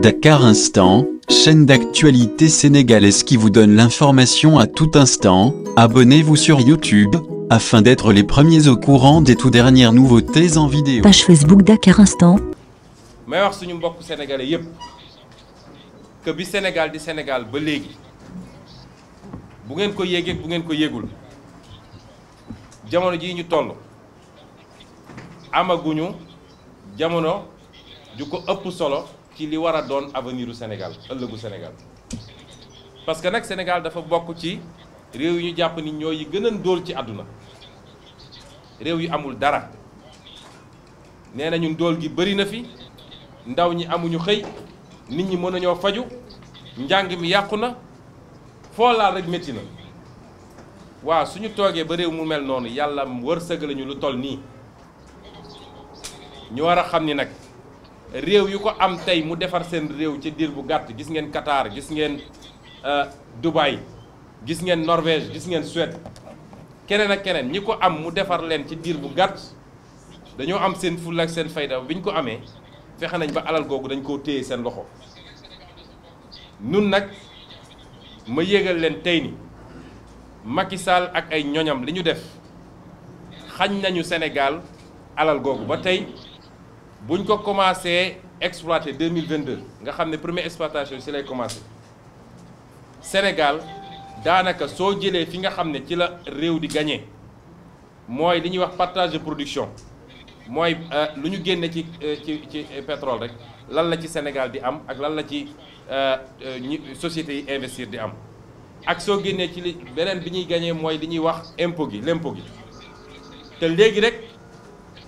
Dakar Instant, chaîne d'actualité sénégalaise qui vous donne l'information à tout instant. Abonnez-vous sur YouTube afin d'être les premiers au courant des tout dernières nouveautés en vidéo. Page Facebook Dakar Instant. may suñu mbokk sénégalais yépp que bi Sénégal di Sénégal ba légui. bu ngeen ko yéegee bu ngeen ko yégul. jamono ji ñu toll amaguñu jamono ju ko ëpp solo. ci li war a doon avenir u Sénégal ëllëgu Sénégal parce que nag Sénégal dafa bokk ci réew yu ñu jàpp ni ñooy yi gëna a ndóol ci àdduna réew yu amul dara nee nañu ndóol gi bëri na fi ndaw ñi amuñu xëy nit ñi mën nañoo faju njàng mi yàqu na foo laal rek métti na waaw suñu toogee ba réew mu mel noonu yàlla wërsëg lañu lu toll nii ñu war a xam ni nag réew yu ko am tey mu defar seen réew ci diir bu gàtt gis ngeen Qatar gis ngeen euh, Dubaï gis ngeen Norvège gis ngeen Suède keneen ak keneen ñi ko am mu defar leen ci diir bu gàtt dañoo am seen fulla ak seen fayda bi ñu ko amee fexe nañ ba alal googu dañ koo téye seen loxo nun nag ma yégal leen tey ni Macky Sall ak ay ñoñam li ñu def xañ nañu senegaal alal googu ba tey bu ñu ko commencé exploité 2022. mille nga xam ne première exploitation bi si lay commencé Sénégal daanaka so jëlee fi nga xamné ne ci la réew di gagner moy li wax partage de production moy euh, luñu ñu ci euh, ci ci pétrole rek lan la ci Sénégal di am ak lan la ci euh, sociétés investir di am ak so génnee ci benen biñuy gagner moy gagné wax impôt gi l'impôt gi té légui rek.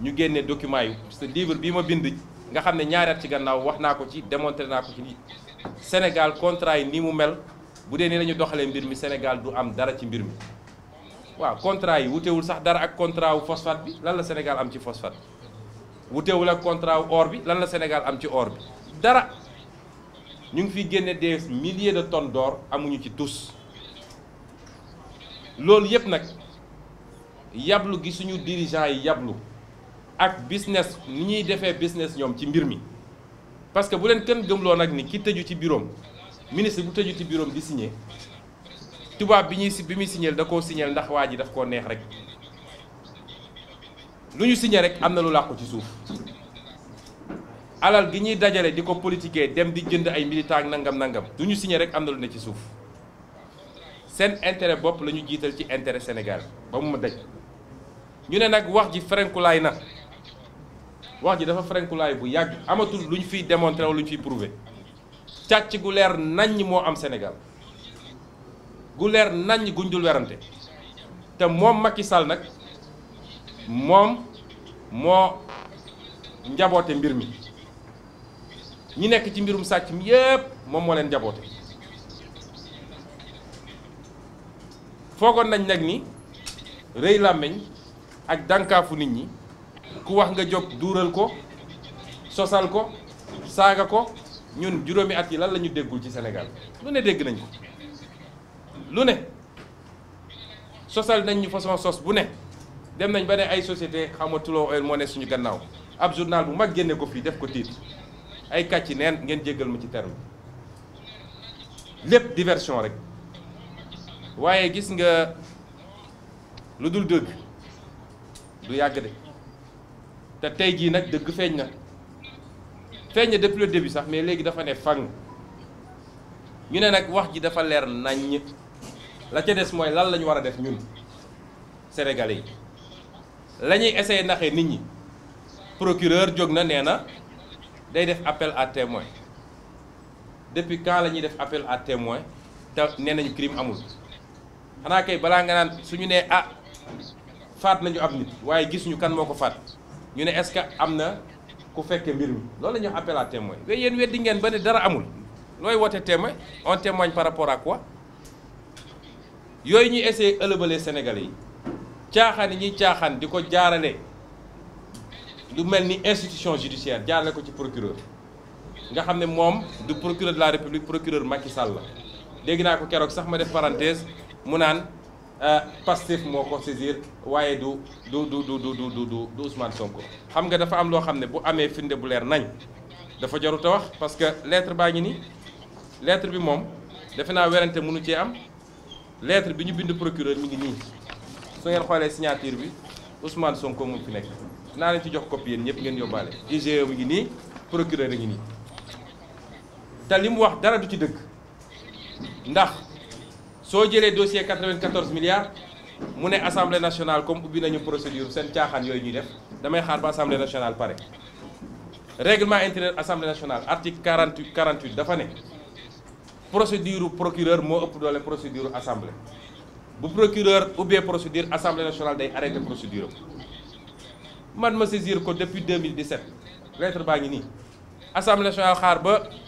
ñu génne document yi parce que livre bi ma bind nga xam ne ñaari ci gannaaw wax naa ko ci démontré naa ko ci ni Sénégal contrat yi ni mu mel bu dee ni lañu doxalee mbir mi Sénégal du am dara ci mbir mi waaw contrat yi wutewul sax dara ak contrat wu phosphate bi lan la Sénégal am ci phosphate wutewul ak contrat wu or bi lan la Sénégal am ci or bi dara ñu ngi fiy génne des milliers de tonnes door amuñu ci tous loolu yëpp nag yablu gi suñu dirigeants yi yablu ak business ni ñuy defee business ñoom ci mbir mi parce que bu leen kenn gëmloo nag ni ki tëju ci biroom ministre bu tëju ci biroom di signé tubaab bi ñuy si bi muy signé da koo signé ndax waa ji daf koo neex rek lu ñu signé rek am na lu làqu ci suuf alal gi ñuy dajale di ko politiquer dem di jënd ay militant nangam nangam lu ñu signé rek am na lu ne ci suuf seen intérêt bopp la jiital ci intérêt senegal ba mu ma daj ñu ne nag wax ji ferenkulaay na. wax ji dafa frenkulaay bu yàgg amatul lu ñu fiy démontrer wala fiy prouver càcc gu leer moo am Sénégal gu leer guñ dul werante te moom Macky mi ñi nekk ci mbirum sàcc mi yépp moom moo leen njaboote foogoon nañ ni ku wax nga jóg duural ko sosal ko saaga ko ñun juróomi at yi lan la ñu déggul ci senegal lu ne dégg nañ ko lu ne sosal nañ ñu façon sos bu ne dem nañ ba ne ay société xamatuloo oil moo ne suñu gannaaw ab journal bu mag génne ko fii def ko tiit ay kàcci neen ngeen jéggal ma ci terme lépp diversion rek waaye gis nga lu dul dëgg du yàgg de te tay ji nak deug feñ na feñ na depuis le début sax mais légui dafa né fang ñu né nak wax ji dafa lér nañ la ca dess moy lan lañu wara def ñun sénégalais lañuy essayer naxé nit ñi procureur jog na néna day def appel à témoin depuis quand lañuy def appel à témoin te né nañ crime amul xana kay bala nga nan suñu né ah fat nañu ab nit waye gisunu kan moko fat ñu ne est-ce que amna ku fekkee mbir lolou loolu la appel à témoin mais yéen weddi ngeen ba ne dara amul loy woote témoin on témoigne par rapport à quoi yoy ñi essayer ëlëbalee Sénégalais yi caaxaan yi ñuy caaxaan di jaarale du melni institution judiciaire jaarale ko ci procureur nga xam mom du procureur de la république procureur Macky Sall la dégg ko keroog sax ma def parenthèse mu nan Euh, Pastef moo ko saisir waaye du du du du du du du Ousmane Sonko xam nga dafa am loo xam ne bu amee firnde bu leer nañ dafa jarut a wax parce que lettre baa ngi nii lettre bi moom defe naa werante munu cee am lettre bi ñu bind procureur mi ngi nii su ngeen xoolee signature bi Ousmane Sonko mu fi nekk naa leen ci jox copie yéen ñëpp ngeen yóbbaale IGE mi ngi nii procureur a ngi nii te wax dara du ci dëgg ndax. Si soo le dossier 94 milliards mu assemblée nationale comme avez une procédure C'est caaxaan yooyu ñuy def damay xaar ba assemblée nationale pareil. règlement intérieur de l'Assemblée nationale article 48 48 dafa procédure procureur moo ëpp les procédure assemblée le procureur la procédure l'Assemblée nationale arrête la procédure Je ma saisir depuis 2017 lettre baa assemblée nationale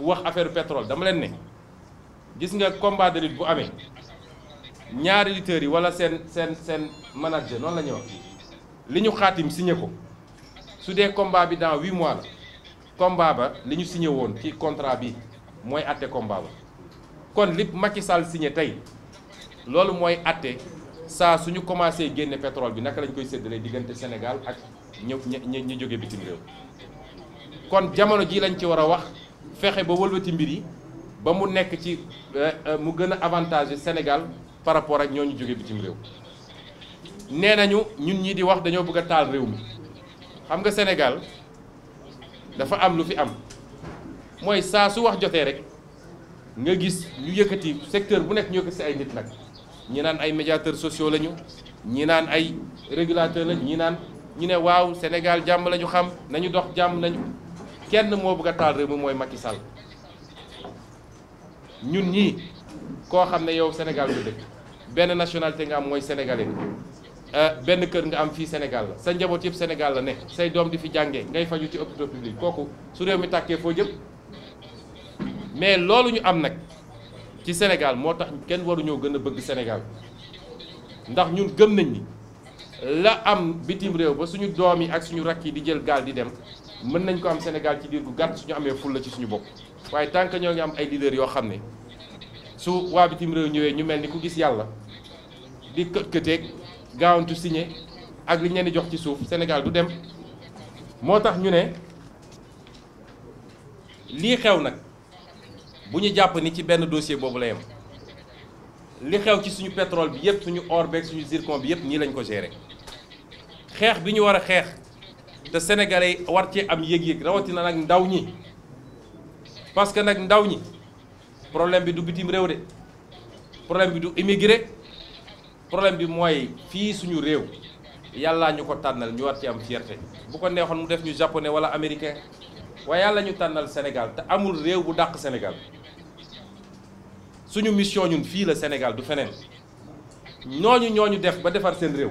wax affaire pétrole dama leen ne gis nga combat de bu amee ñaari lutteurs yi wala seen seen seen manager noonu la ñuy wax li ñu xaatim signé ko su dee combat bi dans huit mois la combat ba li ñu signé woon ci contrat bi mooy atte combat ba kon li Macky Sall signé tey loolu mooy atte saa suñu commencé génne pétrole bi naka lañ koy séddalee diggante Sénégal ak ñëw ñi ñu jóge bitim réew kon jamono ji lañ ci war a wax fexé ba wëlwati mbir yi ba mu nekk ci euh, euh, mu gëna avantage Sénégal par rapport ak ñoñu joggé bitim réew nee nañu ñun ñi di wax dañoo bëgg taal réew mi xam nga Sénégal dafa am lu fi am moy sa su wax joté rek nga gis ñu yëkëti secteur bu nekk ñu yëkkati si ay nit nak ñi naan ay médiateurs sociaux lañu ñi naan ay régulateurs lañu ñi naan ñu né waaw Sénégal jamm lañu xam nañu dox jamm nañu kenn mo bëgg taal rew mi mooy Macky Sall ñun ñi ko xamne yow Sénégal nga dëkk ben nationalité nga am moy sénégalais euh, ben kër nga am fi Sénégal sa njabot yëp Sénégal la ne say doom di fi jàngé ngay faju ci hôpital public koku su rew mi takké fo jëm mais loolu ñu am nak ci Sénégal moo tax kenn waru ñoo gëna bëgg Sénégal ndax ñun gëm nañ ni la am bitim rew ba suñu doomi ak suñu rakki di jël gal di dem. mën nañ ko am Sénégal ci diir gu gàtt suñu amee fulla ci suñu bopp waaye tant que ñoo ngi am ay leaders yoo xam ne su waa bitim réew ñëwee ñu mel ni ku gis yàlla di kët këteeg gaawantu signé ak li ñu leen di jox ci suuf Sénégal du dem moo tax ñu ne lii xew nag bu ñu jàpp ni ci benn dossier boobu la yem li xew ci suñu pétrole bi yëpp suñu or beeg suñu zircon bi yëpp nii lañ ko gérer xeex bi ñu war a xeex. les sénégalais war ci am yeg yeg rawati parce que nous ndaw le problème bi du bitim de problème bi du immigré problème bi moy fi suñu rew yalla ñuko tanal ñu war ci am fierté bu ko neexon mu def ñu japonais wala américain wa yalla ñu tanal Sénégal te amul rew bu Sénégal suñu mission ñun le le Sénégal du fenen ñoñu ñoñu def ba faire sen rew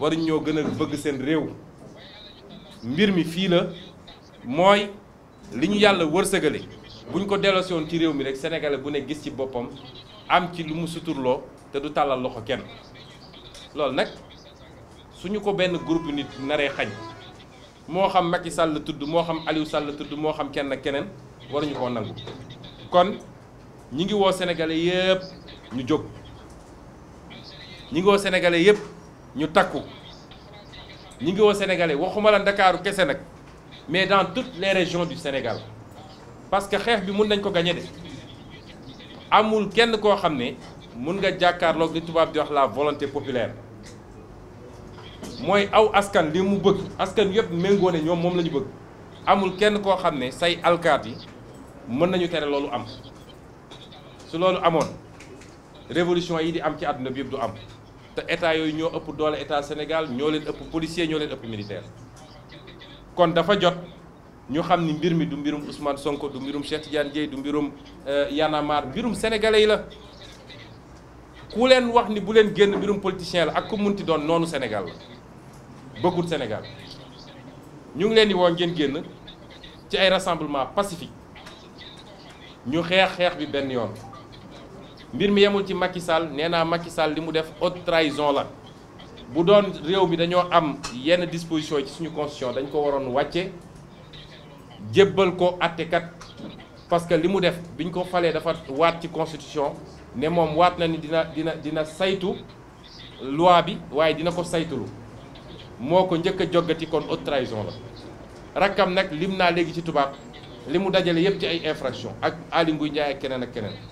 waruñ ñoo gën a bëgg seen réew mbir mi fii la mooy li ñu yàlla wërsëgale buñ ko delloosiwoon ci réew mi rek sénégalais bu ne gis ci boppam am ci lu mu suturloo te du tàllal loxo kenn loolu nag suñu ko benn groupe nit naree xaj moo xam Macky Sall tudd moo xam Aliou Sall tudd moo xam kenn ak keneen waruñu koo nangu kon ñu ngi woo sénégalais yëpp ñu jóg ñu ngi woo sénégalais yëpp Nous sommes ñi ngi sénégalais mais dans toutes les régions du Sénégal parce que les bi mun nañ ko ne la volonté populaire Moi, aw askan li mu bëgg askan yëpp ne mom lañu bëgg amul kenn ko xamné say alkaat mën nañu am su révolution yi di du am te état yoy ño ëpp doole état Sénégal ño leen ëpp policier ño leen ëpp militaire kon dafa jot ñu xam ni mbir mi du mbirum Ousmane Sonko du mbirum Cheikh Tidiane Dièye du mbirum euh, Y'en a marre mbirum sénégalais la ku leen wax ni bu leen génn mbirum politicien la ak ku munti doon noonu Sénégal la bëggul Sénégal ñu ngi leen di woo ngeen génn ci ay rassemblement pacifique ñu xeex xeex bi benn yoon. mbir mi yamul ci Macky Sall nee naa Macky Sall li def haute trahison la bu doon réew mi dañoo am yenn disposition ci suñu constitution dañ ko waroon wàcce jébbal ko atté kat parce que limu def biñ ko falé dafa waat ci constitution né moom waat na ni dina dina dina saytu loi bi waaye dina ko saytulu moo ko njëkk a joggati kon haute trahison la rakam nag lim naa léegi ci tubaab li mu dajale yépp ci ay infraction ak Aly Ngouille Ndiaye ak keneen ak keneen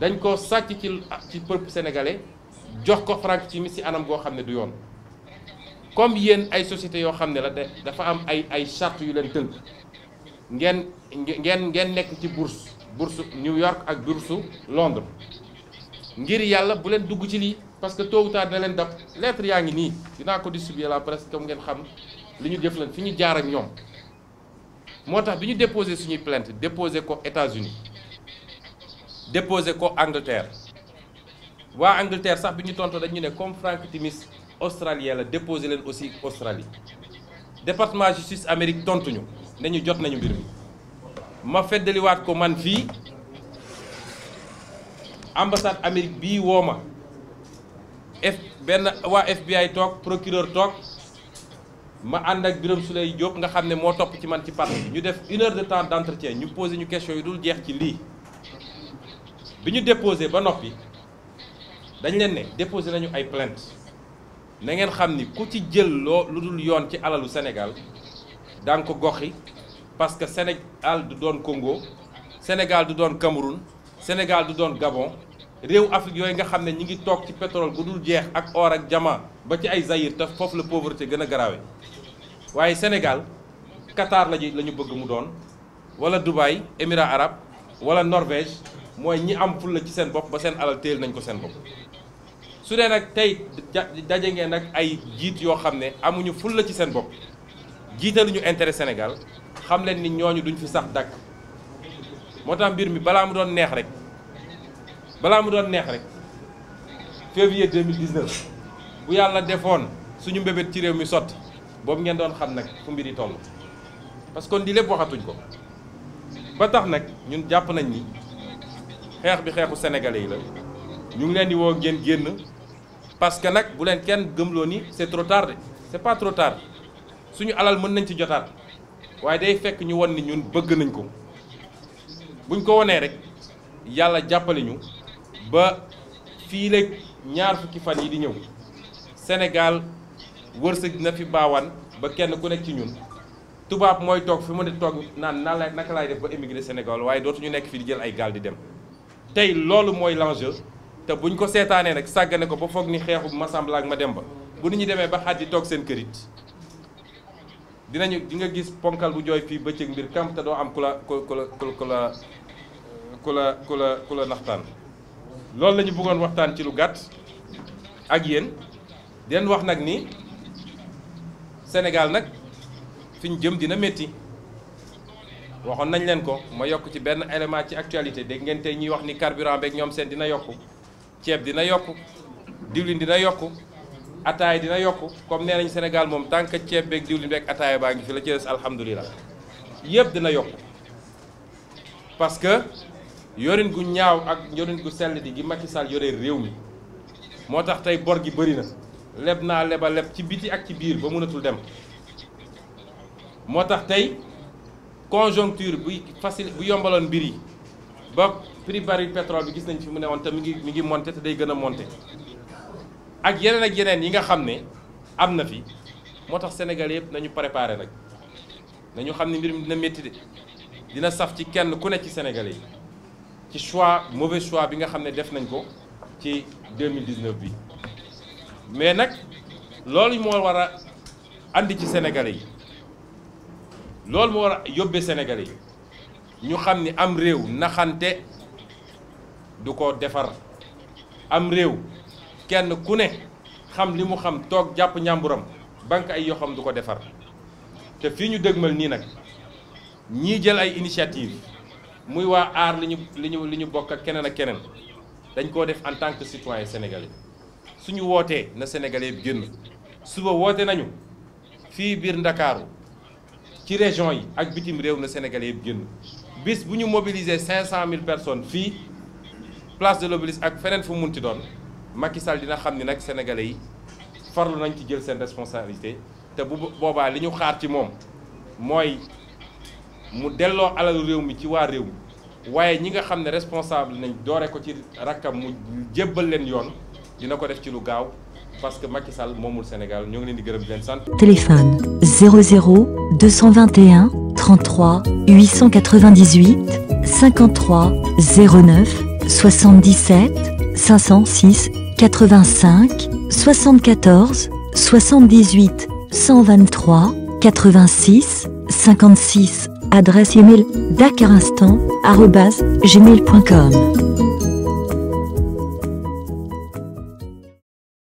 dañ ko sacc ci ci peuple sénégalais jox ko ci ci anam goo xam ne du yoon comme yéen ay société yoo xam la dafa am ay ay yu bourse bourse New York ak Londres ngir yàlla bu leen dugg parce que tôt le tard dab lettre yaa ngi nii dinaa ko distribuer la presse comme ngeen xam li ñu def jaar ak ñoom moo tax plainte États-Unis déposé ko Angleterre waa Angleterre sax bi ñu tontu dañu comme Frank Timis australien la déposé leen aussi Australie département justice Amérique tontuñu ne ñu jot nañu mbir mi ma feddaliwaat ko man fii ambassade Amérique bi woo F ben wa FBI tok procureur tok ma ànd ak Birame Souleye Diop nga xamné mo top ci man ci parti ñu def une heure de temps d'entretien. ñu poser ñu question yu dul jeex ci li biñu ñu déposé ba nopi dañ leen ne déposé nañu ay plainte na ngeen xam ni ku ci jël loo lu dul yoon ci alalu Sénégal daan ko goxi parce que Sénégal du doon Congo Sénégal du doon Cameroun Sénégal du doon Gabon réew Afrique yooyu nga xam ne ñi ngi toog ci pétrole bu dul jeex ak or ak jama ba ci ay Zaïre te foofu la pauvreté gën a garaawe waaye Sénégal Qatar la ñu la bëgg mu doon wala Dubaï Émirats arabe wala Norvège mooy ñi am fulla ci seen bopp ba seen alal téel nañ ko seen bopp su dee nag tey daje ngeen nag ay jiit yoo xam ne amuñu fulla ci seen bopp jiitaluñu intere Sénégal xam leen ni ñooñu duñ fi sax dàkk moo tax mbir mi balaa mu doon neex rek balaa mu doon neex rek février 2019 bu yàlla defoon suñu mbébét ci réew mi sotti boobu ngeen doon xam nag fu mbir yi toll parce que di lépp waxatuñ ko ba tax nag ñun jàpp nañ ni. xeex bi xeexu sénégalais yi la ñu ngi leen di woo ngeen génn parce que nag bu leen kenn gëmloo ni c'est trop tard de c'est pas trop suñu alal mën nañ ci jotaat waaye day fekk ñu won ni ñun bëgg nañ ko buñ ko wonee rek yàlla jàppale ba fii léeg ñaar fukki fan yi di ñëw Sénégal wërsëg na fi baawaan ba kenn ku nekk ci ñun tubaab mooy toog fi mu ne toog naan nan la naka laay def ba émigré Sénégal waaye dootuñu nekk fii di jël ay gaal di dem Tay loolu moy l'enjeu te buñ ko sétané nak sàggane ko ba foog ni ma Massamba ak ba bu nit ñi démé ba xadi tok seen kërit dinañu di nga gis ponkal bu fi bëcc ak mbir kam te do am kula kula kula kula kula kula kula naxtan ku lañu bëggon waxtaan ci lu gatt ak yeen den wax nak ni Sénégal nak fiñ jëm dina metti waxon nañ leen ko ma yokk ci benn élément ci actualité dégg ngeen tey ñuy wax ni carburant beeg ñoom seen dina yokku ceeb dina yokku diwlin dina yokku ataay dina yokku comme nee nañ Sénégal moom tant que ceeb beeg diwlin beeg ataay baa ngi fi la ci des alhamdulilah yëpp dina yokku parce que yorin gu ñaaw ak yorin gu sell di gi Macky Sall yore réew mi moo tax tey bor gi bëri na leb naa leba leb ci biti ak ci biir ba mënatul dem moo tax tey conjoncture bu facile bu yombaloon mbir yi ba prix baril pétrole bi gis nañ fi mu néwon woon mi ngi mi ngi monter té day gëna monter ak yeneen ak yeneen yi nga xam ne am na fi moo tax Sénégal yëpp nañu préparé nag nañu xam ne mbir mi dina métti de dina saf ci kenn ku ne ci Sénégalais yi ci choix mauvais choix bi nga xam ne def nañ ko ci 2019 bi mais nag loolu moo war a andi ci Sénégalais yi. loolu moo war a yóbbee Sénégalais yi ñu xam ni am réew naxante du ko defar am réew kenn ku ne xam li mu xam toog jàpp ñàmburam banque ay yoo xam du ko defar te fii ñu dëgmal nii nag ñii jël ay initiative muy waa aar li ñu li ñu li ñu bokk ak keneen ak keneen dañ koo def en tant que citoyen sénégalais suñu wootee na bi génn suba woote nañu fii biir Ndakaaru ci région yi ak bitim réew na Sénégalais yëpp génn bis bu ñu mobiliser 500000 personnes fii place de l'Obélisque ak feneen fu munti doon Macky Sall dina xam ni nag sénégalais yi farlu nañ ci jël seen responsabilité te bu boobaa li ñu xaar ci moom mooy mu delloo alalu réew mi ci waa réew mi waaye ñi nga xam ne responsable nañ doore ko ci rakkam mu jébbal leen yoon dina ko def ci lu gaaw parce que Sénégal téléphone 00 221 33 898 53 09 77 506 85 74 78 123 86 56 adresse email @gmail.com